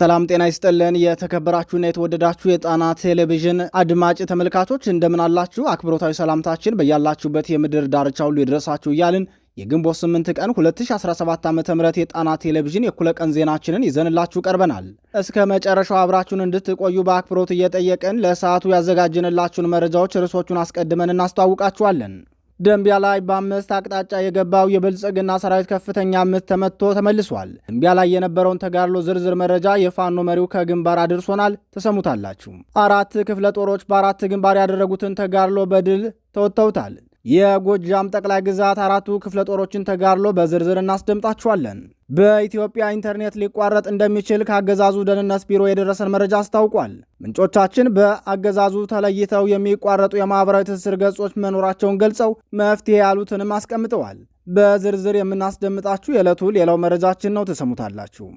ሰላም ጤና ይስጥልን። የተከበራችሁና የተወደዳችሁ የጣና ቴሌቪዥን አድማጭ ተመልካቾች እንደምን አላችሁ? አክብሮታዊ ሰላምታችን በያላችሁበት የምድር ዳርቻ ሁሉ ይድረሳችሁ እያልን የግንቦት 8 ቀን 2017 ዓ ም የጣና ቴሌቪዥን የኩለቀን ቀን ዜናችንን ይዘንላችሁ ቀርበናል። እስከ መጨረሻው አብራችሁን እንድትቆዩ በአክብሮት እየጠየቅን ለሰዓቱ ያዘጋጀንላችሁን መረጃዎች ርዕሶቹን አስቀድመን እናስተዋውቃችኋለን። ደንቢያ ላይ በአምስት አቅጣጫ የገባው የብልጽግና ሰራዊት ከፍተኛ ምት ተመትቶ ተመልሷል። ደንቢያ ላይ የነበረውን ተጋድሎ ዝርዝር መረጃ የፋኖ መሪው ከግንባር አድርሶናል፣ ተሰሙታላችሁ። አራት ክፍለ ጦሮች በአራት ግንባር ያደረጉትን ተጋድሎ በድል ተወጥተውታል። የጎጃም ጠቅላይ ግዛት አራቱ ክፍለ ጦሮችን ተጋድሎ በዝርዝር እናስደምጣችኋለን። በኢትዮጵያ ኢንተርኔት ሊቋረጥ እንደሚችል ከአገዛዙ ደህንነት ቢሮ የደረሰን መረጃ አስታውቋል። ምንጮቻችን በአገዛዙ ተለይተው የሚቋረጡ የማኅበራዊ ትስስር ገጾች መኖራቸውን ገልጸው መፍትሄ ያሉትንም አስቀምጠዋል። በዝርዝር የምናስደምጣችሁ የዕለቱ ሌላው መረጃችን ነው፣ ተሰሙታላችሁ።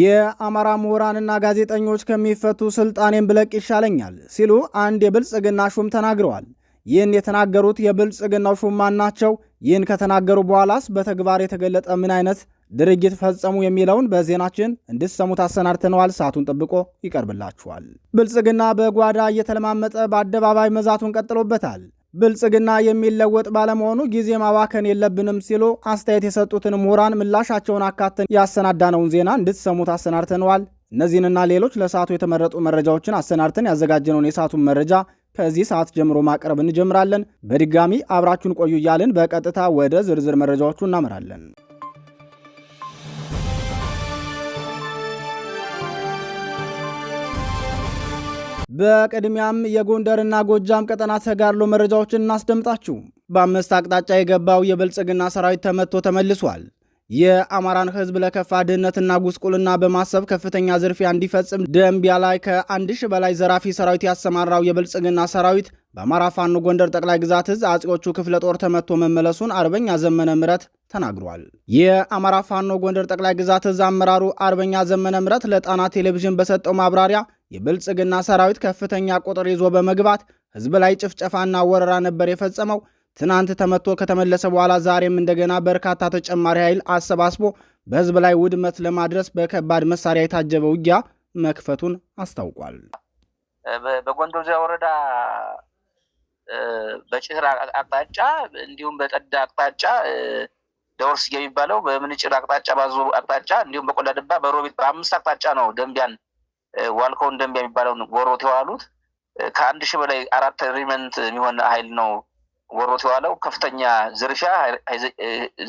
የአማራ ምሁራንና ጋዜጠኞች ከሚፈቱ ስልጣኔን ብለቅ ይሻለኛል ሲሉ አንድ የብልጽግና ሹም ተናግረዋል። ይህን የተናገሩት የብልጽግናው ሹማን ናቸው። ይህን ከተናገሩ በኋላስ በተግባር የተገለጠ ምን አይነት ድርጊት ፈጸሙ የሚለውን በዜናችን እንድትሰሙት አሰናድተነዋል። ሰዓቱን ጠብቆ ይቀርብላችኋል። ብልጽግና በጓዳ እየተለማመጠ በአደባባይ መዛቱን ቀጥሎበታል። ብልጽግና የሚለወጥ ባለመሆኑ ጊዜ ማባከን የለብንም ሲሉ አስተያየት የሰጡትን ምሁራን ምላሻቸውን አካተን ያሰናዳነውን ዜና እንድትሰሙት አሰናድተነዋል። እነዚህንና ሌሎች ለሰዓቱ የተመረጡ መረጃዎችን አሰናድተን ያዘጋጀነውን የሰዓቱን መረጃ ከዚህ ሰዓት ጀምሮ ማቅረብ እንጀምራለን። በድጋሚ አብራችሁን ቆዩ እያልን በቀጥታ ወደ ዝርዝር መረጃዎቹ እናመራለን። በቅድሚያም የጎንደርና ጎጃም ቀጠና ተጋድሎ መረጃዎችን እናስደምጣችሁ። በአምስት አቅጣጫ የገባው የብልጽግና ሰራዊት ተመቶ ተመልሷል። የአማራን ህዝብ ለከፋ ድህነትና ጉስቁልና በማሰብ ከፍተኛ ዝርፊያ እንዲፈጽም ደንቢያ ላይ ከአንድ ሺህ በላይ ዘራፊ ሰራዊት ያሰማራው የብልጽግና ሰራዊት በአማራ ፋኖ ጎንደር ጠቅላይ ግዛት እዝ አጼዎቹ ክፍለ ጦር ተመቶ መመለሱን አርበኛ ዘመነ ምረት ተናግሯል። የአማራ ፋኖ ጎንደር ጠቅላይ ግዛት እዝ አመራሩ አርበኛ ዘመነ ምረት ለጣና ቴሌቪዥን በሰጠው ማብራሪያ የብልጽግና ሰራዊት ከፍተኛ ቁጥር ይዞ በመግባት ህዝብ ላይ ጭፍጨፋና ወረራ ነበር የፈጸመው ትናንት ተመቶ ከተመለሰ በኋላ ዛሬም እንደገና በርካታ ተጨማሪ ኃይል አሰባስቦ በህዝብ ላይ ውድመት ለማድረስ በከባድ መሳሪያ የታጀበ ውጊያ መክፈቱን አስታውቋል። በጎንደርዚያ ወረዳ በጭህር አቅጣጫ እንዲሁም በጠዳ አቅጣጫ ደወርስ የሚባለው በምንጭር አቅጣጫ ባዙ አቅጣጫ እንዲሁም በቆላ ድባ በሮቢት በአምስት አቅጣጫ ነው ደንቢያን ዋልከውን ደንቢያ የሚባለውን ወሮት የዋሉት ከአንድ ሺህ በላይ አራት ሪመንት የሚሆን ኃይል ነው ወሮት የዋለው ከፍተኛ ዝርፊያ፣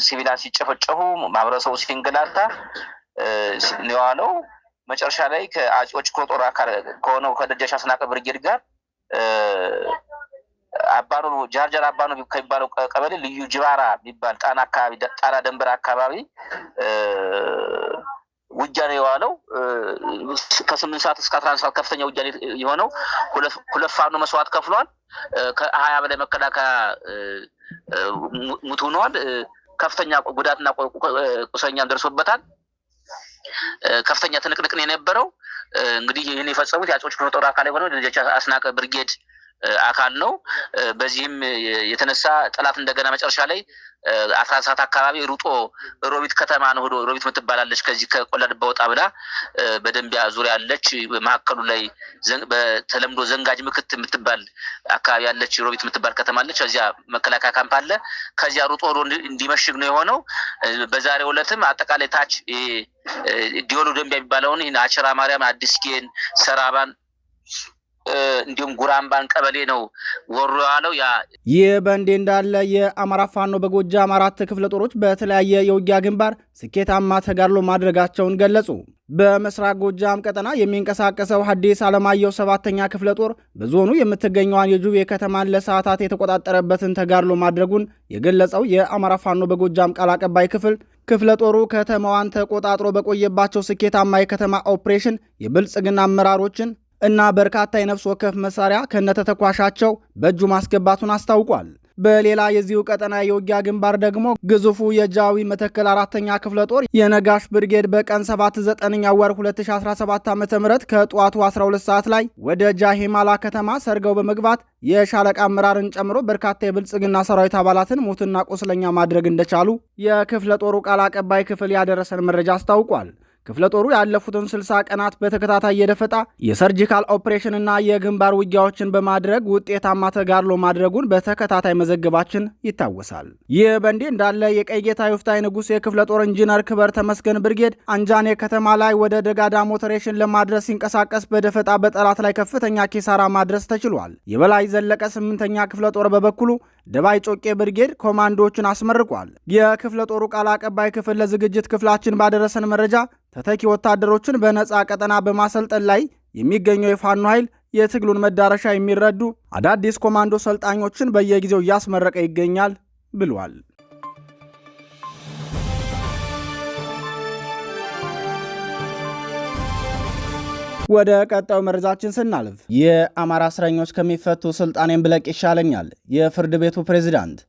ሲቪላን ሲጨፈጨፉ፣ ማህበረሰቡ ሲንገላታ የዋለው። መጨረሻ ላይ ከአጼዎች ክፍለ ጦር አካል ከሆነው ከደጃች አስናቀ ብርጌድ ጋር አባኖ ጃርጃር አባኖ ከሚባለው ቀበሌ ልዩ ጅባራ የሚባል ጣና አካባቢ ጣና ደንበር አካባቢ ውጊያ ነው የዋለው። ከስምንት ሰዓት እስከ አስራ አንድ ሰዓት ከፍተኛ ውጊያ የሆነው ሁለት ፋኖ መስዋዕት ከፍሏል። ከሀያ በላይ መከላከያ ሙት ሆነዋል። ከፍተኛ ጉዳትና ቁሰኛም ደርሶበታል። ከፍተኛ ትንቅንቅን የነበረው እንግዲህ ይህን የፈጸሙት የአፄዎች ክፍለ ጦር አካል የሆነው ደጃች አስናቀ ብርጌድ አካል ነው። በዚህም የተነሳ ጠላት እንደገና መጨረሻ ላይ አስራ ሰዓት አካባቢ ሩጦ ሮቢት ከተማ ነው ሄዶ ሮቢት ምትባላለች ከዚህ ከቆላድባ ወጣ ብላ በደንቢያ ዙሪያ ያለች መካከሉ ላይ በተለምዶ ዘንጋጅ ምክት የምትባል አካባቢ ያለች ሮቢት የምትባል ከተማ አለች። ከዚያ መከላከያ ካምፕ አለ። ከዚያ ሩጦ ሄዶ እንዲመሽግ ነው የሆነው። በዛሬው ዕለትም አጠቃላይ ታች ዲዮሎ ደንቢያ የሚባለውን አቸራ ማርያም፣ አዲስ ጌን፣ ሰራባን እንዲሁም ጉራምባን ቀበሌ ነው ወሮ ያለው። ያ ይህ በእንዴ እንዳለ የአማራ ፋኖ በጎጃም አራት ክፍለ ጦሮች በተለያየ የውጊያ ግንባር ስኬታማ ተጋድሎ ማድረጋቸውን ገለጹ። በምስራቅ ጎጃም ቀጠና የሚንቀሳቀሰው ሐዲስ ዓለማየሁ ሰባተኛ ክፍለ ጦር በዞኑ የምትገኘዋን የጁቤ ከተማን ለሰዓታት የተቆጣጠረበትን ተጋድሎ ማድረጉን የገለጸው የአማራ ፋኖ በጎጃም ቃል አቀባይ ክፍል ክፍለ ጦሩ ከተማዋን ተቆጣጥሮ በቆየባቸው ስኬታማ የከተማ ኦፕሬሽን የብልጽግና አመራሮችን እና በርካታ የነፍስ ወከፍ መሳሪያ ከነተተኳሻቸው በእጁ ማስገባቱን አስታውቋል። በሌላ የዚሁ ቀጠና የውጊያ ግንባር ደግሞ ግዙፉ የጃዊ መተከል አራተኛ ክፍለ ጦር የነጋሽ ብርጌድ በቀን 7 9 ወር 2017 ዓ ም ከጠዋቱ 12 ሰዓት ላይ ወደ ጃሄማላ ከተማ ሰርገው በመግባት የሻለቃ አመራርን ጨምሮ በርካታ የብልጽግና ሰራዊት አባላትን ሞትና ቁስለኛ ማድረግ እንደቻሉ የክፍለ ጦሩ ቃል አቀባይ ክፍል ያደረሰን መረጃ አስታውቋል። ክፍለ ጦሩ ያለፉትን 60 ቀናት በተከታታይ የደፈጣ የሰርጂካል ኦፕሬሽንና የግንባር ውጊያዎችን በማድረግ ውጤታማ ተጋድሎ ማድረጉን በተከታታይ መዘገባችን ይታወሳል። ይህ በእንዲህ እንዳለ የቀይ ጌታ ዩፍታይ ንጉሥ የክፍለ ጦር ኢንጂነር ክበር ተመስገን ብርጌድ አንጃኔ ከተማ ላይ ወደ ደጋዳ ሞተሬሽን ለማድረስ ሲንቀሳቀስ በደፈጣ በጠላት ላይ ከፍተኛ ኪሳራ ማድረስ ተችሏል። የበላይ ዘለቀ ስምንተኛ ክፍለ ጦር በበኩሉ ደባይ ጮቄ ብርጌድ ኮማንዶዎችን አስመርቋል። የክፍለ ጦሩ ቃል አቀባይ ክፍል ለዝግጅት ክፍላችን ባደረሰን መረጃ ተተኪ ወታደሮችን በነፃ ቀጠና በማሰልጠን ላይ የሚገኘው የፋኖ ኃይል የትግሉን መዳረሻ የሚረዱ አዳዲስ ኮማንዶ ሰልጣኞችን በየጊዜው እያስመረቀ ይገኛል ብሏል። ወደ ቀጣዩ መረጃችን ስናልፍ የአማራ እስረኞች ከሚፈቱ ስልጣኔን ብለቅ ይሻለኛል። የፍርድ ቤቱ ፕሬዚዳንት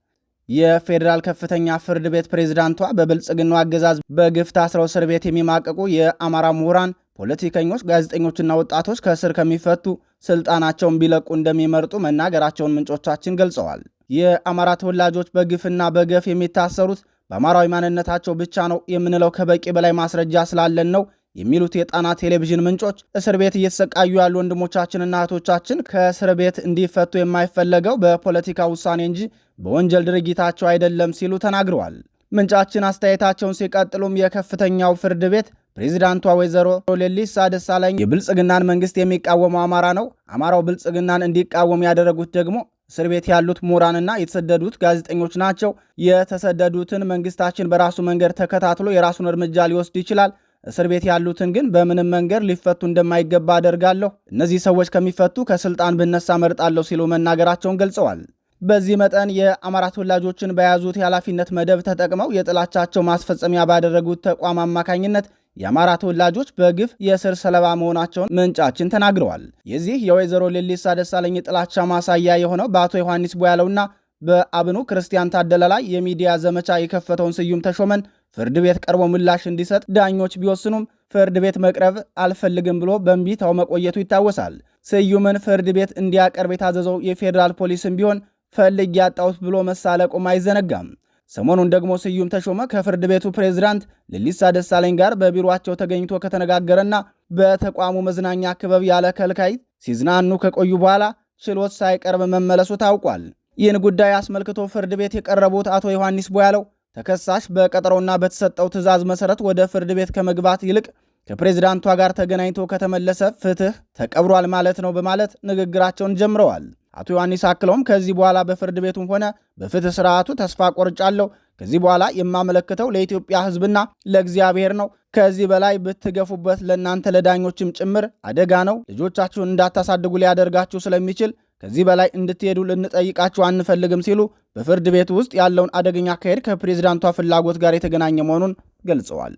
የፌዴራል ከፍተኛ ፍርድ ቤት ፕሬዝዳንቷ በብልጽግናው አገዛዝ በግፍ ታስረው እስር ቤት የሚማቀቁ የአማራ ምሁራን፣ ፖለቲከኞች፣ ጋዜጠኞችና ወጣቶች ከእስር ከሚፈቱ ስልጣናቸውን ቢለቁ እንደሚመርጡ መናገራቸውን ምንጮቻችን ገልጸዋል። የአማራ ተወላጆች በግፍና በገፍ የሚታሰሩት በአማራዊ ማንነታቸው ብቻ ነው የምንለው ከበቂ በላይ ማስረጃ ስላለን ነው የሚሉት የጣና ቴሌቪዥን ምንጮች እስር ቤት እየተሰቃዩ ያሉ ወንድሞቻችንና እህቶቻችን ከእስር ቤት እንዲፈቱ የማይፈለገው በፖለቲካ ውሳኔ እንጂ በወንጀል ድርጊታቸው አይደለም ሲሉ ተናግረዋል። ምንጫችን አስተያየታቸውን ሲቀጥሉም የከፍተኛው ፍርድ ቤት ፕሬዚዳንቷ ወይዘሮ ሌሊሳ ደሳለኝ የብልጽግናን መንግስት የሚቃወመው አማራ ነው፣ አማራው ብልጽግናን እንዲቃወም ያደረጉት ደግሞ እስር ቤት ያሉት ምሁራንና የተሰደዱት ጋዜጠኞች ናቸው። የተሰደዱትን መንግስታችን በራሱ መንገድ ተከታትሎ የራሱን እርምጃ ሊወስድ ይችላል እስር ቤት ያሉትን ግን በምንም መንገድ ሊፈቱ እንደማይገባ አደርጋለሁ፣ እነዚህ ሰዎች ከሚፈቱ ከስልጣን ብነሳ መርጣለሁ ሲሉ መናገራቸውን ገልጸዋል። በዚህ መጠን የአማራ ተወላጆችን በያዙት የኃላፊነት መደብ ተጠቅመው የጥላቻቸው ማስፈጸሚያ ባደረጉት ተቋም አማካኝነት የአማራ ተወላጆች በግፍ የእስር ሰለባ መሆናቸውን ምንጫችን ተናግረዋል። የዚህ የወይዘሮ ሌሊሳ ደሳለኝ ጥላቻ ማሳያ የሆነው በአቶ ዮሐንስ ቦያለውና በአብኑ ክርስቲያን ታደለ ላይ የሚዲያ ዘመቻ የከፈተውን ስዩም ተሾመን ፍርድ ቤት ቀርቦ ምላሽ እንዲሰጥ ዳኞች ቢወስኑም ፍርድ ቤት መቅረብ አልፈልግም ብሎ በእንቢታው መቆየቱ ይታወሳል። ስዩምን ፍርድ ቤት እንዲያቀርብ የታዘዘው የፌዴራል ፖሊስም ቢሆን ፈልግ ያጣሁት ብሎ መሳለቁም አይዘነጋም። ሰሞኑን ደግሞ ስዩም ተሾመ ከፍርድ ቤቱ ፕሬዝዳንት ሌሊሳ ደሳለኝ ጋር በቢሮቸው ተገኝቶ ከተነጋገረና በተቋሙ መዝናኛ ክበብ ያለ ከልካይ ሲዝናኑ ከቆዩ በኋላ ችሎት ሳይቀርብ መመለሱ ታውቋል። ይህን ጉዳይ አስመልክቶ ፍርድ ቤት የቀረቡት አቶ ዮሐንስ ቦያለው ተከሳሽ በቀጠሮና በተሰጠው ትዕዛዝ መሰረት ወደ ፍርድ ቤት ከመግባት ይልቅ ከፕሬዝዳንቷ ጋር ተገናኝቶ ከተመለሰ ፍትህ ተቀብሯል ማለት ነው በማለት ንግግራቸውን ጀምረዋል። አቶ ዮሐንስ አክለውም ከዚህ በኋላ በፍርድ ቤቱም ሆነ በፍትህ ስርዓቱ ተስፋ ቆርጫለሁ፣ ከዚህ በኋላ የማመለክተው ለኢትዮጵያ ሕዝብና ለእግዚአብሔር ነው። ከዚህ በላይ ብትገፉበት ለእናንተ ለዳኞችም ጭምር አደጋ ነው። ልጆቻችሁን እንዳታሳድጉ ሊያደርጋችሁ ስለሚችል ከዚህ በላይ እንድትሄዱ ልንጠይቃችሁ አንፈልግም ሲሉ በፍርድ ቤት ውስጥ ያለውን አደገኛ አካሄድ ከፕሬዝዳንቷ ፍላጎት ጋር የተገናኘ መሆኑን ገልጸዋል።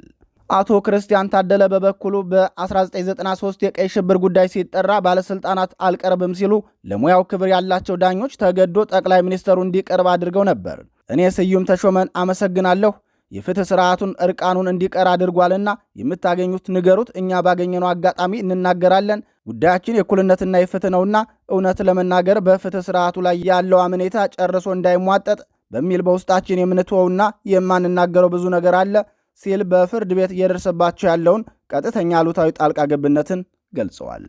አቶ ክርስቲያን ታደለ በበኩሉ በ1993 የቀይ ሽብር ጉዳይ ሲጠራ ባለስልጣናት አልቀርብም ሲሉ ለሙያው ክብር ያላቸው ዳኞች ተገዶ ጠቅላይ ሚኒስተሩ እንዲቀርብ አድርገው ነበር። እኔ ስዩም ተሾመን አመሰግናለሁ። የፍትህ ስርዓቱን እርቃኑን እንዲቀር አድርጓልና የምታገኙት ንገሩት። እኛ ባገኘነው አጋጣሚ እንናገራለን። ጉዳያችን የእኩልነትና የፍትህ ነውና እውነት ለመናገር በፍትህ ስርዓቱ ላይ ያለው አመኔታ ጨርሶ እንዳይሟጠጥ በሚል በውስጣችን የምንትወውና የማንናገረው ብዙ ነገር አለ ሲል በፍርድ ቤት እየደረሰባቸው ያለውን ቀጥተኛ አሉታዊ ጣልቃ ገብነትን ገልጸዋል።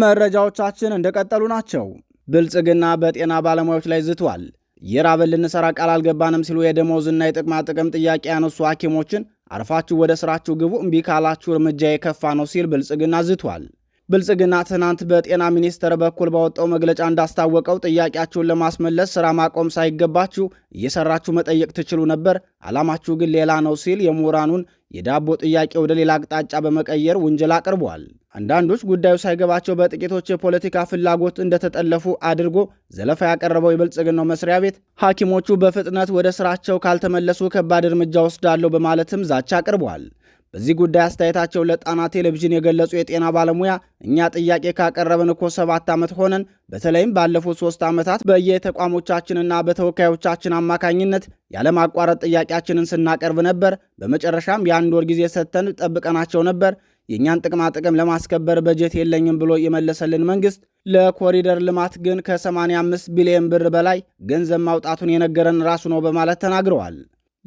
መረጃዎቻችን እንደቀጠሉ ናቸው። ብልጽግና በጤና ባለሙያዎች ላይ ዝቷል። የራበን ልንሰራ ቃል አልገባንም ሲሉ የደሞዝና የጥቅማ ጥቅም ጥያቄ ያነሱ ሐኪሞችን አርፋችሁ ወደ ስራችሁ ግቡ፣ እምቢ ካላችሁ እርምጃ የከፋ ነው ሲል ብልጽግና ዝቷል። ብልጽግና ትናንት በጤና ሚኒስቴር በኩል ባወጣው መግለጫ እንዳስታወቀው ጥያቄያችሁን ለማስመለስ ስራ ማቆም ሳይገባችሁ እየሰራችሁ መጠየቅ ትችሉ ነበር፣ ዓላማችሁ ግን ሌላ ነው ሲል የምሁራኑን የዳቦ ጥያቄ ወደ ሌላ አቅጣጫ በመቀየር ውንጀላ አቅርቧል። አንዳንዶች ጉዳዩ ሳይገባቸው በጥቂቶች የፖለቲካ ፍላጎት እንደተጠለፉ አድርጎ ዘለፋ ያቀረበው የብልጽግናው መስሪያ ቤት ሐኪሞቹ በፍጥነት ወደ ስራቸው ካልተመለሱ ከባድ እርምጃ ወስዳለሁ በማለትም ዛቻ አቅርቧል። በዚህ ጉዳይ አስተያየታቸው ለጣና ቴሌቪዥን የገለጹ የጤና ባለሙያ እኛ ጥያቄ ካቀረብን እኮ ሰባት ዓመት ሆነን፣ በተለይም ባለፉት ሶስት ዓመታት በየተቋሞቻችንና በተወካዮቻችን አማካኝነት ያለማቋረጥ ጥያቄያችንን ስናቀርብ ነበር። በመጨረሻም የአንድ ወር ጊዜ ሰጥተን ጠብቀናቸው ነበር። የእኛን ጥቅማጥቅም ለማስከበር በጀት የለኝም ብሎ የመለሰልን መንግስት ለኮሪደር ልማት ግን ከ85 ቢሊዮን ብር በላይ ገንዘብ ማውጣቱን የነገረን ራሱ ነው በማለት ተናግረዋል።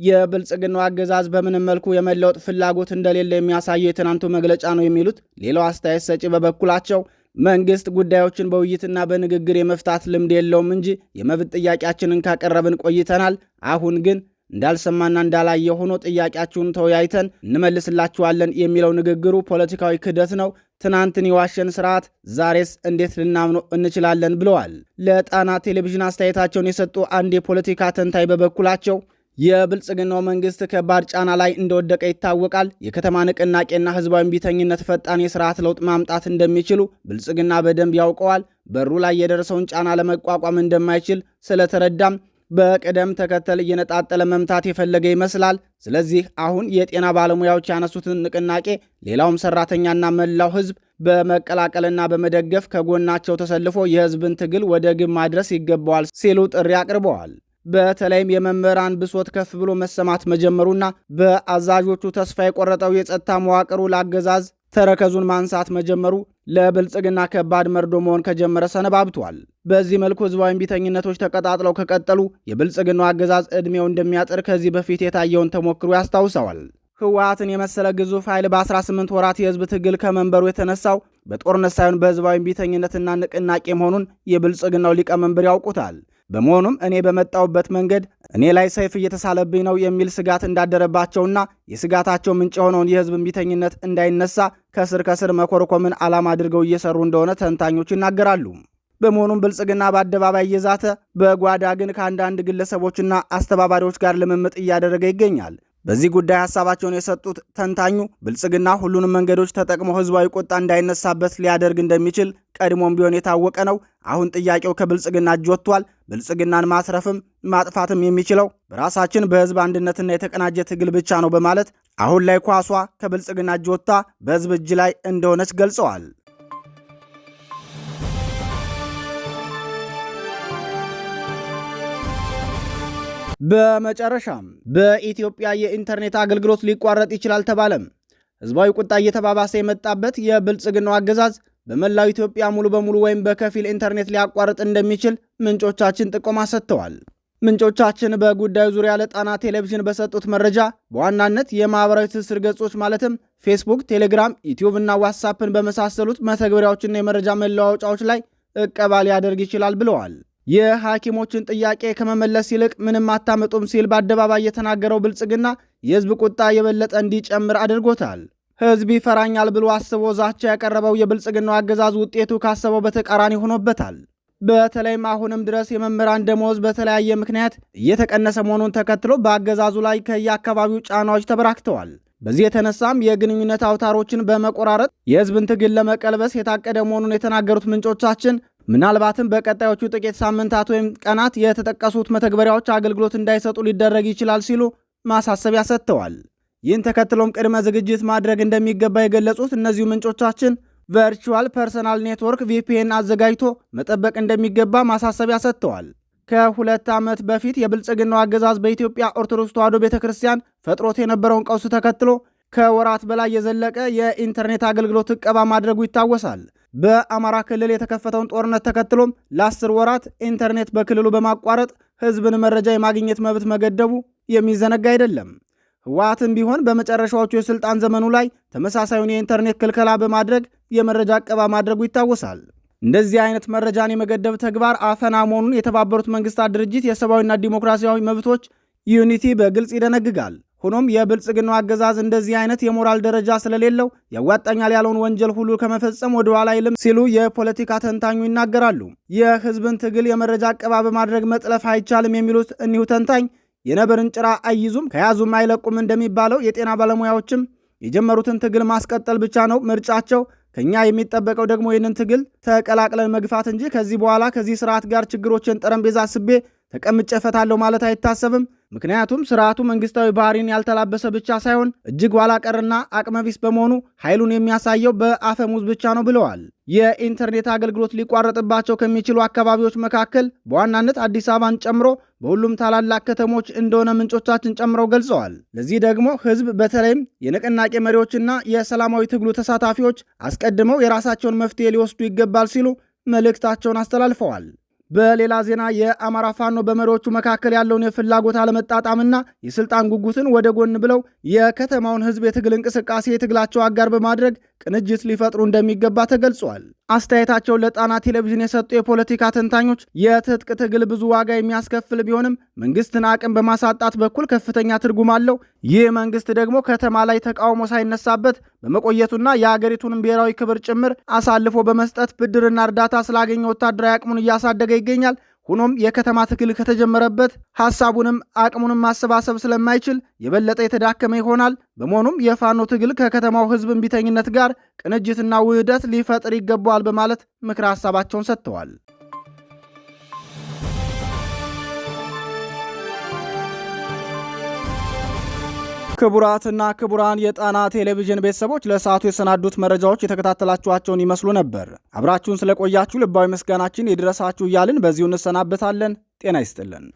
የብልጽግናው አገዛዝ በምንም መልኩ የመለወጥ ፍላጎት እንደሌለ የሚያሳየው የትናንቱ መግለጫ ነው የሚሉት ሌላው አስተያየት ሰጪ በበኩላቸው መንግስት ጉዳዮችን በውይይትና በንግግር የመፍታት ልምድ የለውም እንጂ የመብት ጥያቄያችንን ካቀረብን ቆይተናል። አሁን ግን እንዳልሰማና እንዳላየ ሆኖ ጥያቄያችሁን ተወያይተን እንመልስላችኋለን የሚለው ንግግሩ ፖለቲካዊ ክህደት ነው። ትናንትን የዋሸን ስርዓት ዛሬስ እንዴት ልናምኖ እንችላለን? ብለዋል። ለጣና ቴሌቪዥን አስተያየታቸውን የሰጡ አንድ የፖለቲካ ተንታኝ በበኩላቸው የብልጽግናው መንግስት ከባድ ጫና ላይ እንደወደቀ ይታወቃል። የከተማ ንቅናቄና ህዝባዊ ቢተኝነት ፈጣን የስርዓት ለውጥ ማምጣት እንደሚችሉ ብልጽግና በደንብ ያውቀዋል። በሩ ላይ የደረሰውን ጫና ለመቋቋም እንደማይችል ስለተረዳም በቅደም ተከተል እየነጣጠለ መምታት የፈለገ ይመስላል። ስለዚህ አሁን የጤና ባለሙያዎች ያነሱትን ንቅናቄ ሌላውም ሰራተኛና መላው ህዝብ በመቀላቀልና በመደገፍ ከጎናቸው ተሰልፎ የህዝብን ትግል ወደ ግብ ማድረስ ይገባዋል ሲሉ ጥሪ አቅርበዋል። በተለይም የመምህራን ብሶት ከፍ ብሎ መሰማት መጀመሩና በአዛዦቹ ተስፋ የቆረጠው የጸጥታ መዋቅሩ ለአገዛዝ ተረከዙን ማንሳት መጀመሩ ለብልጽግና ከባድ መርዶ መሆን ከጀመረ ሰነባብቷል። በዚህ መልኩ ህዝባዊ እምቢተኝነቶች ተቀጣጥለው ከቀጠሉ የብልጽግናው አገዛዝ ዕድሜው እንደሚያጥር ከዚህ በፊት የታየውን ተሞክሮ ያስታውሰዋል። ህወሀትን የመሰለ ግዙፍ ኃይል በ18 ወራት የህዝብ ትግል ከመንበሩ የተነሳው በጦርነት ሳይሆን በህዝባዊ እምቢተኝነትና ንቅናቄ መሆኑን የብልጽግናው ሊቀመንበር ያውቁታል። በመሆኑም እኔ በመጣውበት መንገድ እኔ ላይ ሰይፍ እየተሳለብኝ ነው የሚል ስጋት እንዳደረባቸውና የስጋታቸው ምንጭ የሆነውን የህዝብ እምቢተኝነት እንዳይነሳ ከስር ከስር መኮርኮምን ዓላማ አድርገው እየሰሩ እንደሆነ ተንታኞች ይናገራሉ። በመሆኑም ብልጽግና በአደባባይ እየዛተ በጓዳ ግን ከአንዳንድ ግለሰቦችና አስተባባሪዎች ጋር ልምምጥ እያደረገ ይገኛል። በዚህ ጉዳይ ሀሳባቸውን የሰጡት ተንታኙ ብልጽግና ሁሉንም መንገዶች ተጠቅሞ ህዝባዊ ቁጣ እንዳይነሳበት ሊያደርግ እንደሚችል ቀድሞም ቢሆን የታወቀ ነው። አሁን ጥያቄው ከብልጽግና እጅ ወጥቷል። ብልጽግናን ማስረፍም ማጥፋትም የሚችለው በራሳችን በህዝብ አንድነትና የተቀናጀ ትግል ብቻ ነው በማለት አሁን ላይ ኳሷ ከብልጽግና እጅ ወጥታ በህዝብ እጅ ላይ እንደሆነች ገልጸዋል። በመጨረሻም በኢትዮጵያ የኢንተርኔት አገልግሎት ሊቋረጥ ይችላል ተባለም። ህዝባዊ ቁጣ እየተባባሰ የመጣበት የብልጽግናው አገዛዝ በመላው ኢትዮጵያ ሙሉ በሙሉ ወይም በከፊል ኢንተርኔት ሊያቋርጥ እንደሚችል ምንጮቻችን ጥቆማ ሰጥተዋል። ምንጮቻችን በጉዳዩ ዙሪያ ለጣና ቴሌቪዥን በሰጡት መረጃ በዋናነት የማህበራዊ ትስስር ገጾች ማለትም ፌስቡክ፣ ቴሌግራም፣ ዩትዩብ እና ዋትሳፕን በመሳሰሉት መተግበሪያዎችና የመረጃ መለዋወጫዎች ላይ እቀባ ሊያደርግ ይችላል ብለዋል። የሐኪሞችን ጥያቄ ከመመለስ ይልቅ ምንም አታመጡም ሲል በአደባባይ የተናገረው ብልጽግና የህዝብ ቁጣ የበለጠ እንዲጨምር አድርጎታል። ህዝብ ይፈራኛል ብሎ አስቦ ዛቻ ያቀረበው የብልጽግናው አገዛዝ ውጤቱ ካሰበው በተቃራኒ ሆኖበታል። በተለይም አሁንም ድረስ የመምህራን ደሞዝ በተለያየ ምክንያት እየተቀነሰ መሆኑን ተከትሎ በአገዛዙ ላይ ከየአካባቢው ጫናዎች ተበራክተዋል። በዚህ የተነሳም የግንኙነት አውታሮችን በመቆራረጥ የህዝብን ትግል ለመቀልበስ የታቀደ መሆኑን የተናገሩት ምንጮቻችን ምናልባትም በቀጣዮቹ ጥቂት ሳምንታት ወይም ቀናት የተጠቀሱት መተግበሪያዎች አገልግሎት እንዳይሰጡ ሊደረግ ይችላል ሲሉ ማሳሰቢያ ሰጥተዋል። ይህን ተከትሎም ቅድመ ዝግጅት ማድረግ እንደሚገባ የገለጹት እነዚሁ ምንጮቻችን ቨርቹዋል ፐርሰናል ኔትወርክ ቪፒኤን አዘጋጅቶ መጠበቅ እንደሚገባ ማሳሰቢያ ሰጥተዋል። ከሁለት ዓመት በፊት የብልጽግናው አገዛዝ በኢትዮጵያ ኦርቶዶክስ ተዋሕዶ ቤተ ክርስቲያን ፈጥሮት የነበረውን ቀውስ ተከትሎ ከወራት በላይ የዘለቀ የኢንተርኔት አገልግሎት እቀባ ማድረጉ ይታወሳል። በአማራ ክልል የተከፈተውን ጦርነት ተከትሎ ለአስር ወራት ኢንተርኔት በክልሉ በማቋረጥ ህዝብን መረጃ የማግኘት መብት መገደቡ የሚዘነጋ አይደለም። ህወሓትም ቢሆን በመጨረሻዎቹ የስልጣን ዘመኑ ላይ ተመሳሳዩን የኢንተርኔት ክልከላ በማድረግ የመረጃ አቀባ ማድረጉ ይታወሳል። እንደዚህ አይነት መረጃን የመገደብ ተግባር አፈና መሆኑን የተባበሩት መንግስታት ድርጅት የሰብአዊና ዲሞክራሲያዊ መብቶች ዩኒቲ በግልጽ ይደነግጋል። ሆኖም የብልጽግናው አገዛዝ እንደዚህ አይነት የሞራል ደረጃ ስለሌለው ያዋጣኛል ያለውን ወንጀል ሁሉ ከመፈጸም ኋላ አይልም ሲሉ የፖለቲካ ተንታኙ ይናገራሉ። የህዝብን ትግል የመረጃ አቀባ በማድረግ መጥለፍ አይቻልም የሚሉት እኒሁ ተንታኝ የነብርን ጭራ አይይዙም ከያዙም አይለቁም እንደሚባለው የጤና ባለሙያዎችም የጀመሩትን ትግል ማስቀጠል ብቻ ነው ምርጫቸው። ከኛ የሚጠበቀው ደግሞ ይህንን ትግል ተቀላቅለን መግፋት እንጂ ከዚህ በኋላ ከዚህ ስርዓት ጋር ችግሮችን ጠረጴዛ ስቤ ተቀምጨፈታለሁ ማለት አይታሰብም። ምክንያቱም ስርዓቱ መንግስታዊ ባህሪን ያልተላበሰ ብቻ ሳይሆን እጅግ ዋላቀርና አቅመቢስ በመሆኑ ኃይሉን የሚያሳየው በአፈሙዝ ብቻ ነው ብለዋል። የኢንተርኔት አገልግሎት ሊቋረጥባቸው ከሚችሉ አካባቢዎች መካከል በዋናነት አዲስ አበባን ጨምሮ በሁሉም ታላላቅ ከተሞች እንደሆነ ምንጮቻችን ጨምረው ገልጸዋል። ለዚህ ደግሞ ህዝብ በተለይም የንቅናቄ መሪዎችና የሰላማዊ ትግሉ ተሳታፊዎች አስቀድመው የራሳቸውን መፍትሄ ሊወስዱ ይገባል ሲሉ መልእክታቸውን አስተላልፈዋል። በሌላ ዜና የአማራ ፋኖ በመሪዎቹ መካከል ያለውን የፍላጎት አለመጣጣምና የስልጣን ጉጉትን ወደ ጎን ብለው የከተማውን ህዝብ የትግል እንቅስቃሴ የትግላቸው አጋር በማድረግ ቅንጅት ሊፈጥሩ እንደሚገባ ተገልጿል። አስተያየታቸውን ለጣና ቴሌቪዥን የሰጡ የፖለቲካ ተንታኞች የትጥቅ ትግል ብዙ ዋጋ የሚያስከፍል ቢሆንም መንግስትን አቅም በማሳጣት በኩል ከፍተኛ ትርጉም አለው። ይህ መንግስት ደግሞ ከተማ ላይ ተቃውሞ ሳይነሳበት በመቆየቱና የአገሪቱንም ብሔራዊ ክብር ጭምር አሳልፎ በመስጠት ብድርና እርዳታ ስላገኘ ወታደራዊ አቅሙን እያሳደገ ይገኛል። ሆኖም የከተማ ትግል ከተጀመረበት ሐሳቡንም አቅሙንም ማሰባሰብ ስለማይችል የበለጠ የተዳከመ ይሆናል። በመሆኑም የፋኖ ትግል ከከተማው ሕዝብ እምቢተኝነት ጋር ቅንጅትና ውህደት ሊፈጥር ይገባዋል በማለት ምክረ ሐሳባቸውን ሰጥተዋል። ክቡራትና ክቡራን የጣና ቴሌቪዥን ቤተሰቦች ለሰዓቱ የሰናዱት መረጃዎች የተከታተላችኋቸውን ይመስሉ ነበር። አብራችሁን ስለቆያችሁ ልባዊ ምስጋናችን ይድረሳችሁ እያልን በዚሁ እንሰናበታለን። ጤና ይስጥልን።